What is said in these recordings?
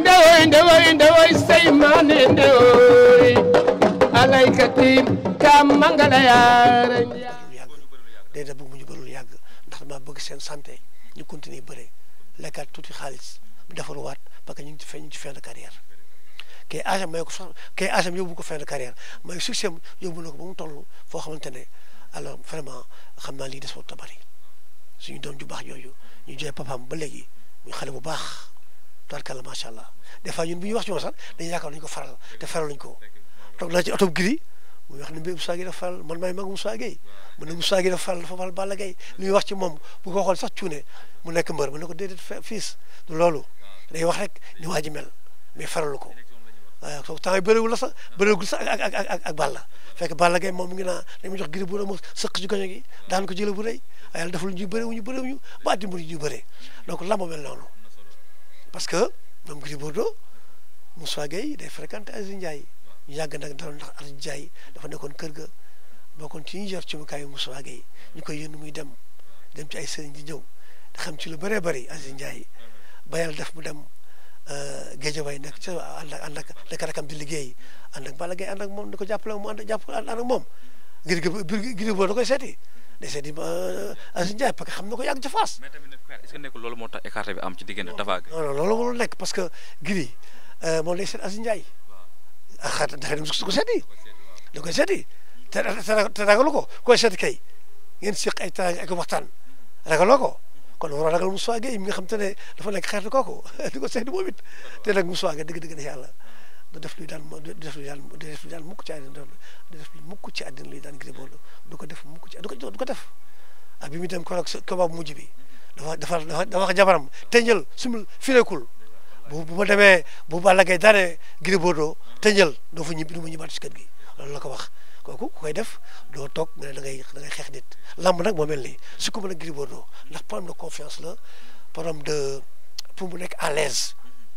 ndewoy ndewoy ndewoy seymane ndewoy alay katim ka mangala yaara day mu ñu bërul yàgg ndax dama bëgg seen santé ñu continuer bëre lekkaat tuuti xaalis defaruwaat parce que ñu ngi ci fin ñu ngi ci fin de carrière kay agam may ko sax kay agam yóbbu ko fin de carrière may succès am yóbbu na ko ba mu toll foo xamante ne alors vraiment xam naa lii des foofu tabari suñu doom ju baax jooju ñu joxe papaam ba léegi muy xale bu baax tubarkalla macha allah des fois ñun bu ñu wax ci moom dañu yakal ñu ko faral te faral ñu ko tok la ci auto gri mu wax ni mbé Moussa Gueye dafa faral man may mag Moussa Gueye mu ne Moussa Gueye dafa faral dafa faral Balla gay ñu wax ci mom bu ko xol sax ciune mu nekk mbeur mu ne ko déedéet fiis du lolu day wax rek ni waji mel mais faral ko ay soo temps yi bëriwul la sax bëriwul sax ak ak ak ak Balla fekk Balla gay mom ngi na dañu jox giri bu la mu sëq ci goño gi daan ko jël bu rëy yàlla deful ñu ñuy bëri wuñu bëri wuñu ba àddina bu ñu bëree donc lamba mel noonu parce que ñoom Gris Bordeaux Moussa Gueye day fréquenté Aziz Ndiaye ñu yàgg nag daloon ndax Aziz Ndiaye dafa nekkoon kër ga bokkoon ci ñu yor ci mukaayu Moussa Gueye ñu koy yónni muy dem dem ci ay sëriñ di ñëw di ci lu bëree bëri Aziz Ndiaye ba yàlla mu dem euh, Géejawaay nekk ca ànd ak di liggéey ànd ak Balla Gaye ànd ak moom di ko jàppale mu jàpp ànd ak moom koy sete dese di ba eh, parce que xam na ko yàgg ca Fass. mais moo tax écart bi am ci diggante Tapha Gueye. non non loolu warul nekk parce que Gris euh, moom lay seet Aziz Ndiaye. ah xaar dafay ko seeti. da koy seeti te te ko koy seeti kay ngeen seq ay tànn ak waxtaan ragaloo ko. kon war a ragal Moussa Gueye mi nga xam te ne dafa nekk xeetu kooku di ko seeti te nag Moussa Gueye dëgg-dëgg na du def luy dal du def luy dal du def luy dal mukk ci àddina du def luy mukk ci àddina luy daan Gris Bordeaux ko def mukk ci do ko du ko def ak ah, bi mu dem ko nag combat mujj bi dafa dafa dafa wax jabaram teñal sumul firekul bu bu ma demee bu Balla Gaye daane Gris do teñal doo fa ñibbi du ma ñibbaat ci kër gi loolu la ko wax kooku ku koy def do toog nga ne da ngay da ngay xeex nit lamb nag moo mel nii su ko mën a Gris Bordeaux ndax problème de confiance la problème de pour mu nekk à l'aise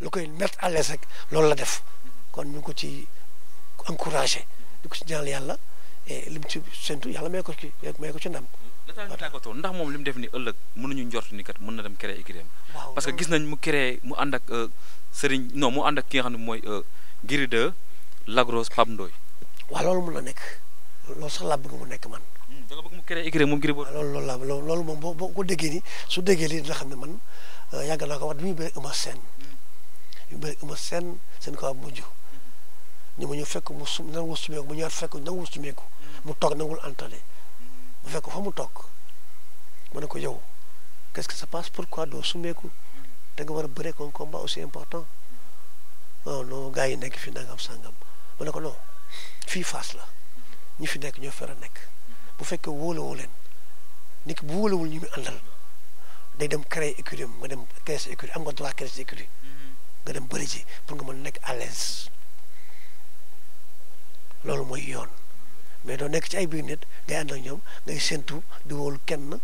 lu koy mettre à l'aise rek loolu la def kon ñu ngi ko ci encouragé di ko ci ñaanal yàlla et li mu ci séntu yàlla may ko ci may ko ci ndam. waaw tàggatoo ndax moom li mu def ni ëllëg mën nañu njort ni kat mën na dem créer écurie parce que gis nañ mu créer mu ànd ak euh, Serigne non mu ànd ak ki nga xam ne mooy euh, Gris Lagros Pape Ndoye. waaw loolu mën na nekk loolu sax laa bëgg mu nekk man. Hmm, da nga bëgg mu créer écurie moom Gris Bordeaux. loolu loolu laa loolu moom boo boo ko déggee nii su déggee lii dina xam ne man euh, yàgg wax bi muy hmm. bëri Eumeu Sène. seen kaw mujj ni ma ñu fekk mu su nangu sumeeku mu ñëwaat fekk nangu sumeeku mu toog nangul antale mu fekk fa mu toog mu ne ko yow qu'est-ce qui se passe pourquoi doo sumeeku da nga war a bëree un ba aussi important non non gars yi nekk fi nangam sangam mu ne ko non fii Fass la ñi fi nekk ñoo fera nekk bu fekkee wóolawoo leen nit ki bu wóolawul ñu mu àndal day dem créer écurie nga dem créer sa am nga droit créer sa nga dem bëri ji pour nga mën nekk à loolu moy yoon mais do nek ci ay biir nit ngay ànd ak ngay sentu di wol kenn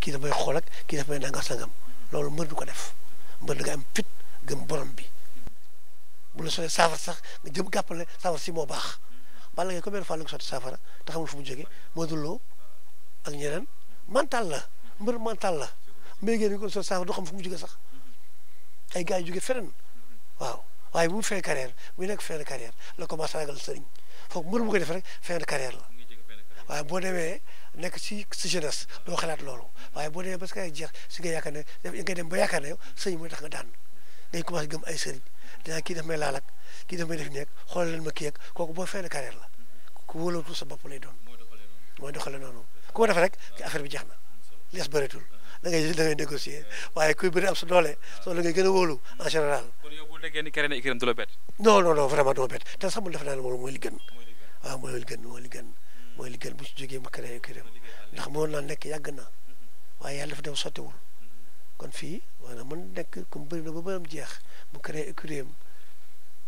ki da dafay xol ak ki da may nanga sangam loolu mbër du ko def mbër nga am fit gëm borom bi bu la soye safar sax nga jëm gàppale saafara si bax ba la ngay ko mel fa la nga soti safara ta xamul fu mu jógee mooduloo ak ñeneen mental la mbër mental la mbéy ngeen ko so safara du xam fu mu joge sax ay gaay joge feren waaw waaye bu mu fee carrière bu nekk fee carrière la commencé ragal sëriñ foog mënu mu koy def rek fin de la waaye boo demee nekk ci si jeunesse doo xalaat loolu waaye boo demee parce que ay jeex si nga yaakaar ne nga dem ba yaakaar ne yow sëñ mooy tax nga daan ngay commencé gëm ay sëriñ daa kii daf may laal ak kii daf may def nekk xoolal leen ma kii kooku boo fin de carrière la ku wóolootul sa bopp lay doon moo doxale noonu koo def rek affaire bi jeex na li des bëreetul da ngay da négocier waaye kuy bëri am sa doole soo la ngay gën a wóolu en général. kon yow bu nekkee keneen ak Iram du vraiment du ma bett te sax mu def naa ne moom mooy li gën. waaw mooy li gën mooy hmm. mooy li bu ci jógee mu keneen ak Iram ndax moo naa nekk yàgg na hmm. waaye yàlla dafa dem sottiwul hmm. kon fii maanaam man nekk comme bëri na ba bëram jeex mu créé écurie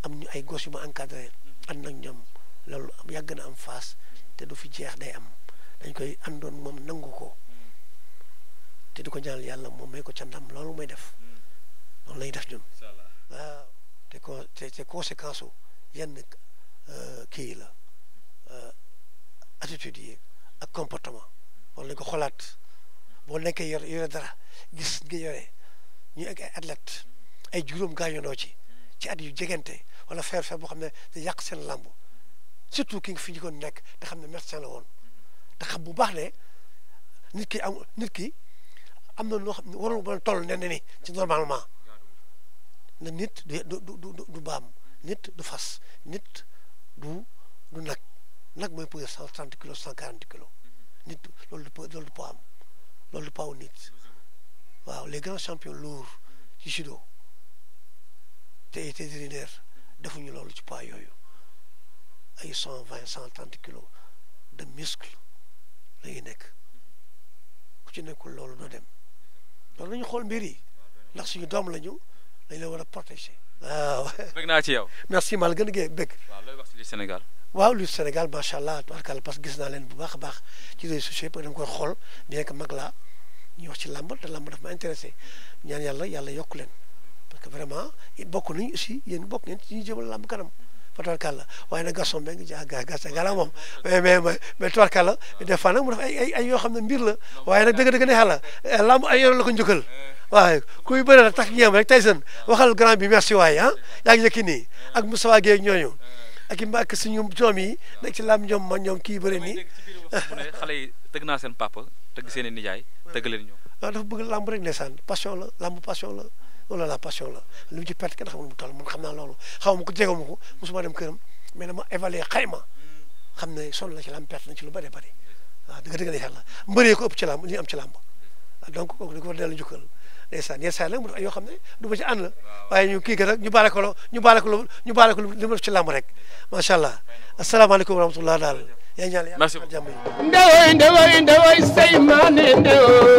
am ñu ay gos yu ma encadré ànd ak ñoom loolu yàgg na am face te du fi jeex day am dañ koy àndoon moom nangu ko te di ko ñaanal yàlla moom may ko ca ndam loolu mooy def mm. loolu lay def ñun waaw te con te conséquence u yenn euh, kii la euh, attitude yi ak comportement wala lañu ko xolaat boo nekkee yor yore dara gis nga yore ñu ak ay athlète ay juróom gaañonoo ci ci at yu jegante wala feer feer boo xam ne da yàq seen làmb surtout ki nga fi ñu nekk te xam ne médecin la woon mm. te xam bu baax ne nit ki am nit ki amna lo xamni waral bu toll neneni ci normalement na nit du du du du bam nit du fas nit du du nak nak moy pour 130 kg 140 kg nit lolou du lolou du pas lolou du pas nit waaw les grands champions lourds ci judo té té dirinder defu ñu lolou ci pas yoyu ay 120 130 kg de muscle lay nek ku ci nekul lolou do dem loolu ñu xool mbir yi ndax suñu doom lañu dañ la war a protéger. waaw. bëgg naa ci yow. merci maa la gën a bëgg. waaw Sénégal. waaw lu Sénégal macha allah tubarkàlla parce que gis naa leen bu baax a baax ci réseaux sociaux yëpp da nga koy xool bien que mag laa ñuy wax ci lamb te làmb dafa ma intéressé ñaan yàlla yàlla yokk leen parce que vraiment bokk nañu aussi yéen bokk ngeen ñu jëmal lamb kanam. fa tubarkàlla waaye nag Gaston Mbengue ja gàcce ngalaw moom mais mais mais tubarkàlla des mu def ay yoo xam ne mbir la waaye na dëgg-dëgg ne xala eh, lamb ay yoon la ko njëkkal waaye kuy bëri rek tax ñeem rek Tyson waxal grand bi merci waaye ah yaa ngi yëkki nii ak Moustapha Guèye ñooñu ak i mbàkk suñu doom yi nekk ci lamb ñoom man ñoom kii ni nii xale yi tëgg naa seen papa tëgg seen i nijaay tëgg leen ñoom waaw ah, dafa bëgg lamb rek ndeysaan passion la lamb passion la loolu la passion la lu ci perte kenn xamul mu toll man xam naa loolu ko jege ma ko mosuma dem këram mais dama évaluer xayma xamna son la ci lam perte na ci lu bari bari wa deug deug la xalla mbeure ko upp ci lam li am ci lam ah, donc ko ko war a dellu njukkal ndeysaan yenn saa nag mu def yoo du ba ci an la waye ñu kii ga rek ñu baale lo ñu baale lo ñu baale lo limu ci làmb rek ma sha allah assalamu alaykum wa rahmatullahi daal yaa ya yàlla jàmm yi ndewooy ndewooy ndewooy say maane ndewooy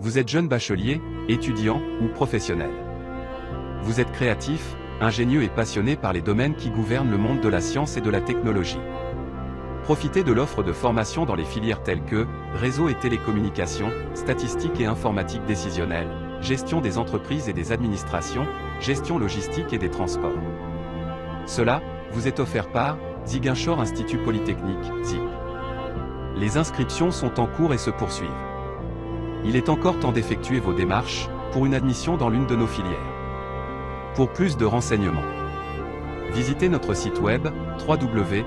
Vous êtes jeune bachelier, étudiant ou professionnel. Vous êtes créatif, ingénieux et passionné par les domaines qui gouvernent le monde de la science et de la technologie. Profitez de l'offre de formation dans les filières telles que réseau et télécommunications, statistiques et informatique décisionnelle, gestion des entreprises et des administrations, gestion logistique et des transports. Cela vous est offert par Ziguinchor Institut Polytechnique, ZIP. Les inscriptions sont en cours et se poursuivent. Il est encore temps d'effectuer vos démarches pour une admission dans l'une de nos filières. Pour plus de renseignements, visitez notre site web www